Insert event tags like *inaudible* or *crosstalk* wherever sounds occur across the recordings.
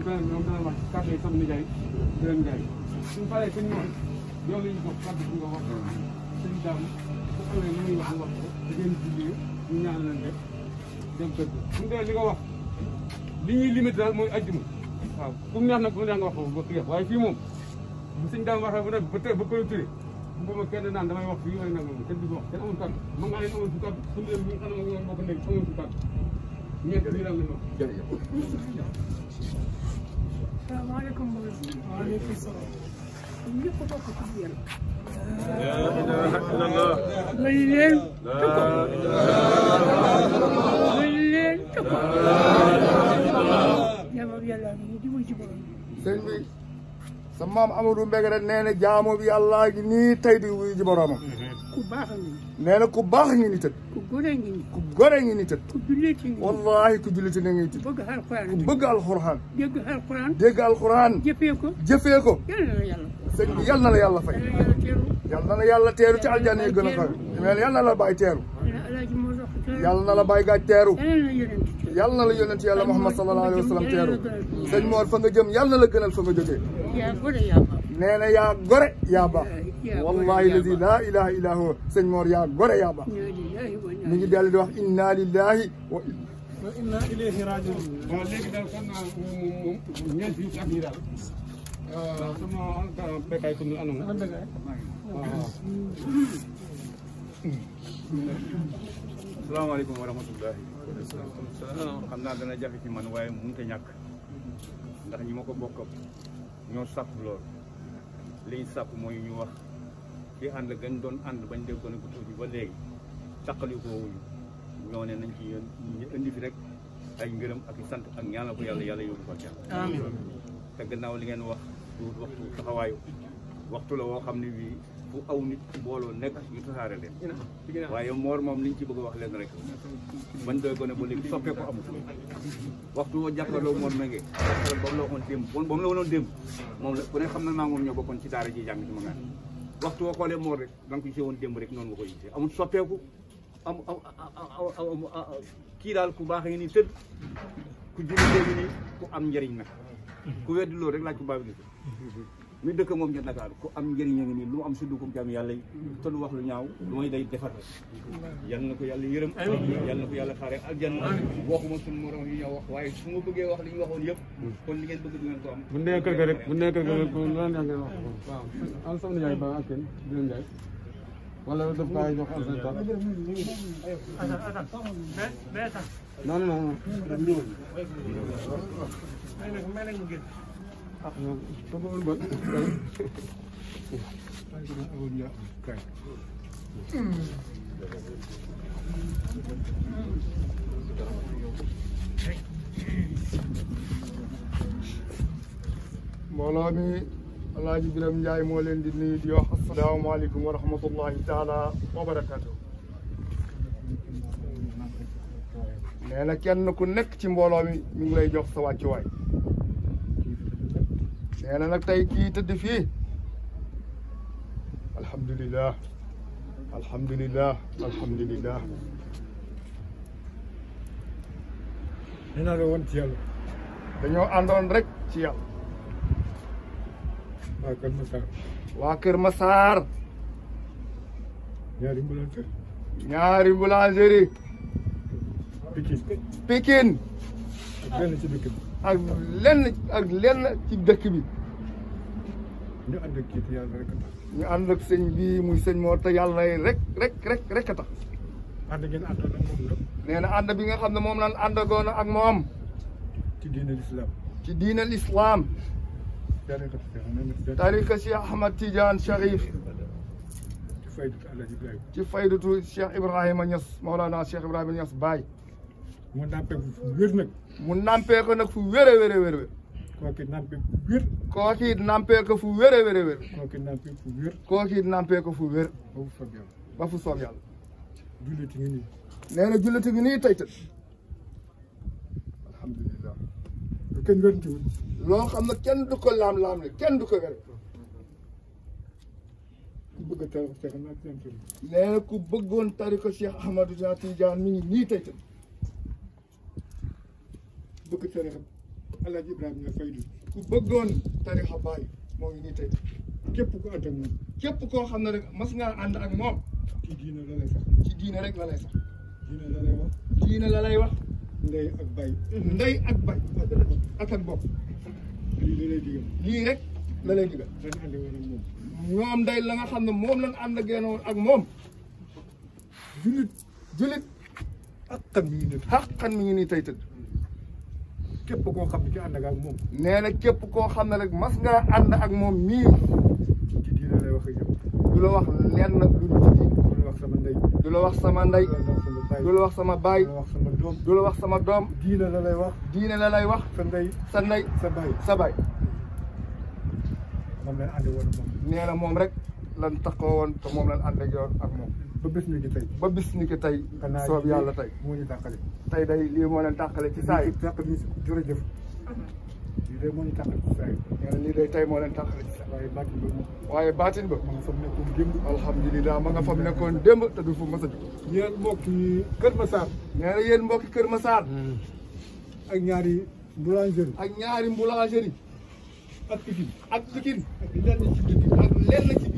suñ paree ñoom dana wax kàddu yi sama nijaay di leen jaay suñ paree suñ moom yow lañu jox kàddu bi nga wax suñ daam su amee lu ñuy wax wax ko da ngeen julli ñu ñaan leen def dem tëdd suñ dee li nga wax li ñuy limité daal mooy ajjuma waaw ku neex nag bu neex nga wax ko ba xëy waaye fii moom bu suñ daam waxee bu ne ba tey ba clôturé bu ma kenn naan damay wax fii yooyu nag moom kenn du wax kenn amul kàddu ma nga leen amul kàddu suñ leen ñi nga xam ne moom bokk nekk amul kàddu ñeent lii daal lañ wax jërëjëf السلام عليكم وعليكم السلام لا اله الا الله ليل تكبر ليل تكبر jaamu bi yàlla ngi nii di sëñ bi sa maam Amadou Mbeg rek nee na jaamu bi yàlla ngi nii tey di wuyu ji boromam ku baax ngi nii. ku baax ngi nii tët. ku gore ngi nii. ku gore ngi nii tët. ku julliti ngi na ngi bëgg alxuraan ku bëgg alxuraan. dégg alxuraan. dégg alxuraan. jëfee ko. jëfee ko. yàlla na yàlla fay. yàlla na la yàlla fay. yàlla na la yàlla teeru ci aljanna yi gën a fay. yàlla na la bàyyi teeru. yàlla na la bàyyi gaaj teeru. yàlla na la yonent yàlla Muhammad sallallahu alayhi wa sallam teeru. sëñ Mor fa jëm yàlla na la gënal fa nga jógee. nee na yaa gore yaa baax wallahi lazi laa ilaha illa huwa sëñ gore yaa baax mi ngi inna lillahi wa inna ilayhi rajiun waaw léegi a ñàkk ndax ñi ma ko bokk ñoo sàpp li ñu sàkk mooy ñu wax ci ànd gañ doon ànd bañ déggoon ko tuuti ba léegi taqalikoo wuñu ñoo ne nañ ci yéen indi fi rek ay ngërëm ak sant ak ñaanal ko yàlla yàlla yóbbu ko ca amiin te gannaaw li ngeen wax du waxtu la woo xam ne bii fu aw nit mbooloo nekk ñu tasaare leen waaye moor moom liñ ci bëgg a wax leen rek bañ doy ko ne ba léegi soppee ko amul waxtu woo jàkkaarloo moor ma nge ba mu la waxoon moom la ku ne xam na maa moom ñoo bokkoon ci daara ji jàng ci ma ngaan waxtu woo xoolee moor rek da nga ko gisee woon démb rek noonu nga ko gisee soppeeku kii daal ku baax ngi nii tëdd ku julli léegi nii ku am njëriñ nag ku weddi rek laaj ko mi dëkk moom ca Dakar ku am njëriñ a ngi lu am si dugub jam yalla yi wax lu ñaaw moy day defal yalla nako yalla yàlla yalla nako yalla xare yàlla waxuma sun morom yi ñaw wax waaye su ma bëgge wax li ñu waxoon yëpp kon li ngeen bëgg di ngeen ko am bu nee kër ga rek bu nee kër ga rek lan nga wax waaw alsam na ba ak kenn wala jox alsam ta non non non ah non bëggoon ba kay. mbooloo mi Alaaji Biram Njaay moo leen di nuyu di wax asalaamaaleykum wa rahmatullahi taala wa barakaatu. nee na kenn ku nekk ci mbooloo mi ñu ngi lay jox sa wàccuwaay. nee nak nag tey kii tëdd Alhamdulillah, Alhamdulillah. alhamdulilah alhamdulilah nee naa ci rek ci yàlla waa Kër Massar waa Kër Massar ñaari boulangerie ñaari boulangerie Pikine Pikine ak ci dëkk bi ak ak ci dëkk bi ñu and ak kii bi muy mo ta yalla lay rek rek rek rek a tax. ànd ngeen àndoon ak mom la. nee na bi nga xam ne moom lan àndagoon ak mom ci diine l'islam ci diine l'islam tariqa Cheikh Ahmad Tidiane sharif ci faydatu ci faydatu Cheikh ibrahim Niass maulana Cheikh ibrahim Niass bay mu nampé ko fu wér nag. mu nampé ko nak fu wéré wéré wéré. kooki nampé fu wér. kooki nampé fu wéree wéree wér. kooki nampé fu ba fu soob ba fu soob yàlla. nii. nee na nii tey tey. loo xam ne kenn du ko laam laam ne kenn du wér. ku ku bëggoon tariqa Cheikh Ahmadou Tidiane mi nii tey Alaaji Ibrahima Niass Fayda ku bëggoon tarixa Baay moo ngi nii tey képp ku ànd ak moom koo xam ne rek mas ngaa ànd ak moom ci diine la lay sax ci rek la lay sax diine la lay wax ak bay ndey ak bay bopp lii la lay digal lii rek la lay moom day la nga xam ne moom lañ ànd génn ak moom julit julit xaqan mi ngi képp koo xam ne ci ànd nga ak moom. nee na képp koo xam ne rek mas ngaa ànd ak moom mii. ci diine lay wax ak yow. du la wax lenn lu dul ci diine. du la wax sama ndey. du la wax sama ndey. du la wax sama baay. du la wax sama doom. du la wax sama doom. diine la lay wax. diine la lay wax. sa ndey sa ndey. sa baay sa baay. moom lañ ànd woon moom. nee na moom rek lan taxawoon te moom lañ ànd yoon ak moom ba bis ni ki tey ba bis ni ki tey soob yàlla tey moo ñu day lii moo leen tàqale ci saa yi tàqal ñu jërëjëf lii day moo ñu tàqale ci saa yi nee day tey moo leen tàqale ci saa waaye baatin ba waaye baatin ba ma nga fam nekkoon démb alhamdulilah ma nga fam te du fu hmm. ak ñaari boulangerie ak ñaari boulangerie ak ak ak lenn ci ak lenn ci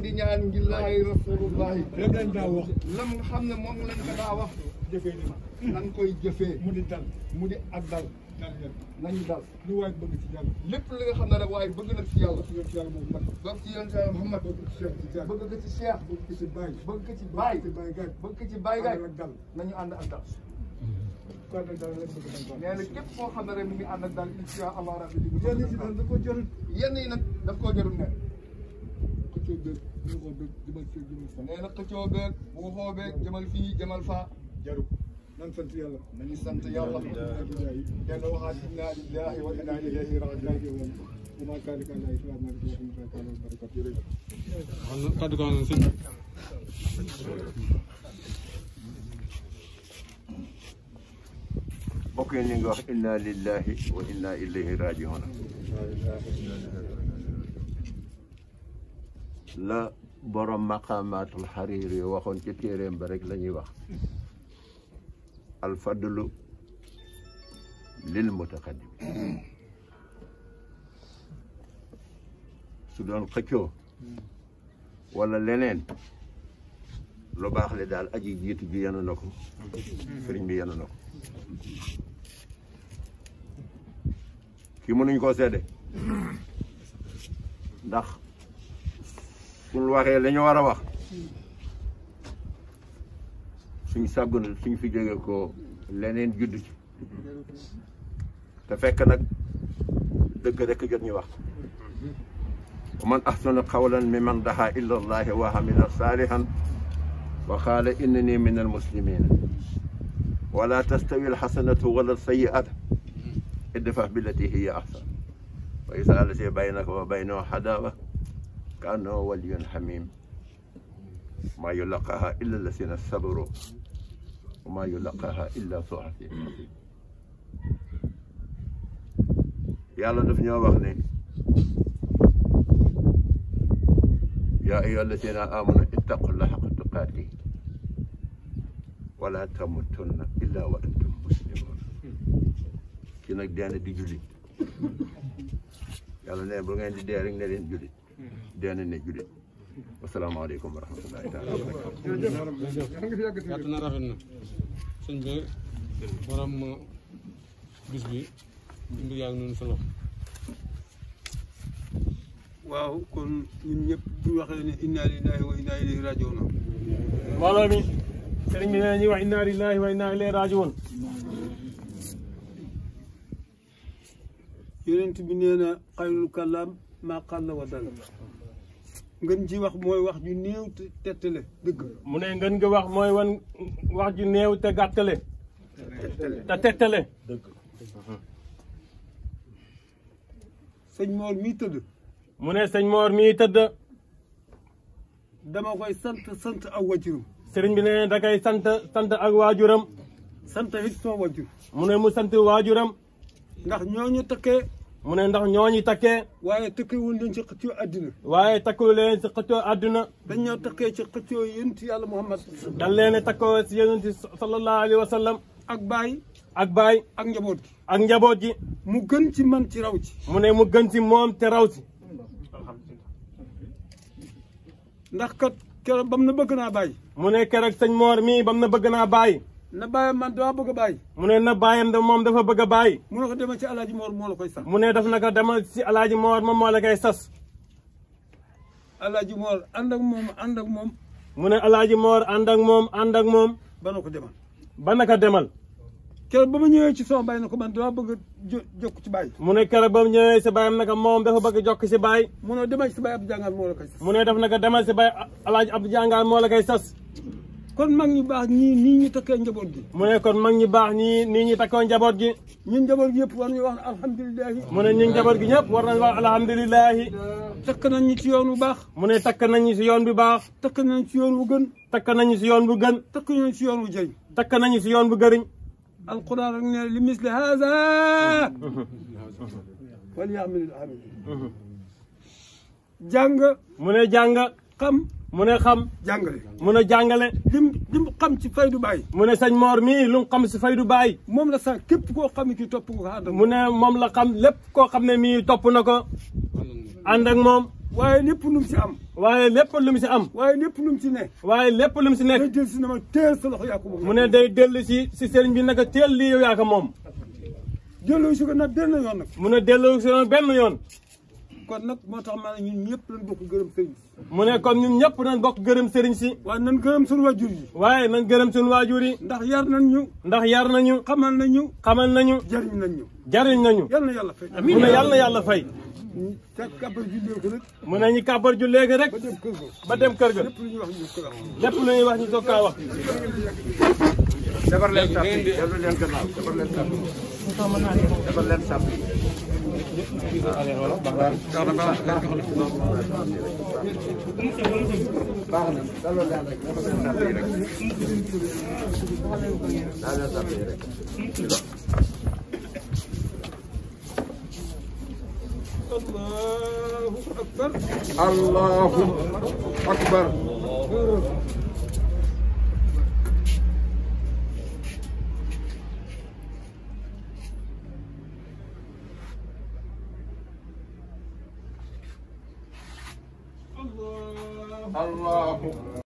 leen di ñaan ngir laay rasulullahi lam leen daa wax lam nga xam ne moom lañ ko daa wax jëfee li nan koy jëfee mu di dal mu di ak dal nañu dal lu waay bëgg ci yàlla lépp li nga xam ne rek waaye bëgg na ci yàlla ci yoon ci yàlla Muhammad bëgg ci yoon ci yàlla Muhammad bëgg ci Cheikh bëgg ko ci Cheikh bëgg ko ci Baye bëgg ko ci Baye bëgg ko ci Baye gaay ak dal nañu ànd ak dal kon nag dal lañ bëgg nee na képp koo xam ne rek mi ngi ànd ak dal insha Allah rabbi yenn yi nag daf koo jarul ne جمال في جمال فا جرو نان سنت يالا ناني سنت يالا كان واحد لا لله وانا اليه راجعون وما كان كان لا اسلام ما كان كان بركه ديري قد كان سن اوكي نيغا انا لله وانا اليه راجعون لا اله الا الله la borom maqamaatul xariir yi waxoon ci téeréem ba rek la ñuy wax alfadlu lil mutaqaddim su doon xëccoo wala leneen lu baax le daal aji jiitu ji yenu na ko sëriñ bi yenu na ko kii mënuñ koo seede ndax suñ waxé lañu wara wax suñ sagul suñ fi jégué ko leneen judd ci ta fekk nak deug rek jot ñu wax ومن أحسن قولا ممن دعا إلا الله وعمل صالحا وقال إنني من المسلمين ولا تستوي الحسنة ولا السيئة ادفع بالتي هي أحسن وإذا ألزي بينك وبينه عداوة كأنه ولي حميم ما يلقاها إلا الذين صبروا وما يلقاها إلا ذو حظ عظيم yàlla daf ñoo wax ne yaa ayyuha allazina amanu ittaqullaha haqqa tuqaatih wala tamutunna illa wa antum muslimun ki nag dee na di jullit yàlla ne bu ngeen di dee rek ne leen jullit deena ne jullit asalaamaaleykum wa rahmatullahi taala yàgg na rafet na sëñ bi borom bis bi mbir yaa ngi noonu sa loxo waaw kon ñun ñëpp bu waxee ne inna lillahi wa inna ilayhi rajiun mbooloo mi sëriñ bi nee ñuy wax inna lillahi wa inna ilayhi rajiun yonent bi nee na xayrul kalaam maa qalla wa dalla ngeen ji wax mooy wax ju néew te tettale dëgg mu ne ngeen nga wax mooy wan wax ju neew te gàttale te tettale dëgg sëñ Mor mii tëdd mu ne sëñ Mor mi tëdd dama koy sant sant ak waajuram sëriñ bi ne da koy sant sant ak waajuram sant it sama waajur mu ne mu sant waajuram ndax ñooñu tëkkee mu ne ndax ñooñu takkee waaye takkee wuñ leen ci xëccoo àddina waaye takku leen ci xëccoo àddina dañ ñoo takkee ci xëccoo yonent yàlla Muhammad dañ leen a takkoo ci yonent sallallahu alayhi wa sallam ak baay ak baay ak njaboot gi ak njaboot gi mu gën ci man ci raw ci mu ne mu gën ci moom te raw ci ndax kat keroog bam na bëgg naa bàyyi mu ne keroog sëñ Moor mii bam na bëgg naa bàyyi na bayam man do bëgg bay mu ne na bayam de mom dafa bëgg bay mu ne ko dem ci alaaji mor mo la koy sax mu ne daf naka dem ci alaaji mor mom mo la koy sax alaaji mor and ak mom and ak mom mu ne alaaji moor ànd ak mom and ak mom ba na demal ba naka demal kër ba ma ñëwee ci sama bay nako man do bëgg jokk ci bay mu ne keroog ba mu bayam naka mom dafa bëgg jokk ci bay mu ne demal bay abdou jangal la koy sax mu ne daf naka demal ci bay alaaji abdou jangal la koy sax kon mag ñu baax ñii nii ñu takkee njaboot gi mu ne kon mag ñu baax ñii nii ñu takkoo njaboot gi ñun njaboot gi yëpp war ñu wax alhamdulilahi mu ne ñun njaboot gi ñëpp war nañu wax alhamdulilahi takk nañ ñu ci yoon bu baax mu ne takk nañ ñu si yoon bu baax takk nañ ci yoon bu gën takk nañu si yoon bu gën takk nañ si yoon bu jëriñ takk nañu si yoon bu gëriñ alquran rek ne li misli haza *laughs* wal yaamilil amin jàng mu ne jàng xam mu xam. jàngale mu ne jàngale. lim lim xam ci faydu baay. mu ne sëñ Mor mii lu xam si faydu baay. moom la sax képp koo xam ne topp nga ko ànd moom la xam lépp koo xam ne mii topp na ko. ànd ak moom. waaye lépp lu si am. waaye lépp lu mu si am. waaye lépp lum si ne. waaye lépp lu mu si nekk. day dellu si ne ma teel sa loxo yaa ko moom. mu dellu si si sëriñ bi naka teel lii yow yaa moom. delloo si ko nag benn yoon nag. delloo si ko benn yoon. kon nag moo tax maanaam ñun ñëpp lañ bokk gërëm sëriñ si mu ne kon ñun ñëpp nañ bokk gërëm sëriñ si waaye nañ gërëm suñu waajur yi waaye nañ gërëm suñu waajur yi ndax yar nañ ñu ndax yar nañu xamal nañu xamal nañu jariñ nañ ñu jariñ nañu yal yàlla fay mu ne yal yàlla fay mu kàbbar ju léegi rek mu ne ñu kàbbar ju léegi rek ba dem kër ga lépp lu ñuy wax ñu ko lépp lu ñuy wax ñu ko kaa wax defar leen sàpp yi defar leen gannaaw defar leen sàpp الله أكبر الله أكبر